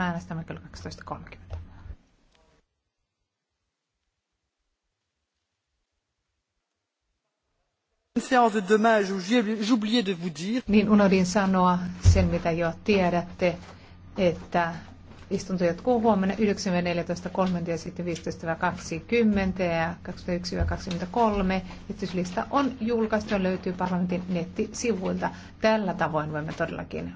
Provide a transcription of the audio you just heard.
Me äänestämme kello 12.30. Niin unohdin sanoa sen, mitä jo tiedätte, että istunto jatkuu huomenna 9.14.30 ja sitten 15.20 ja 21.23. Esityslista on julkaistu ja löytyy parlamentin nettisivuilta. Tällä tavoin voimme todellakin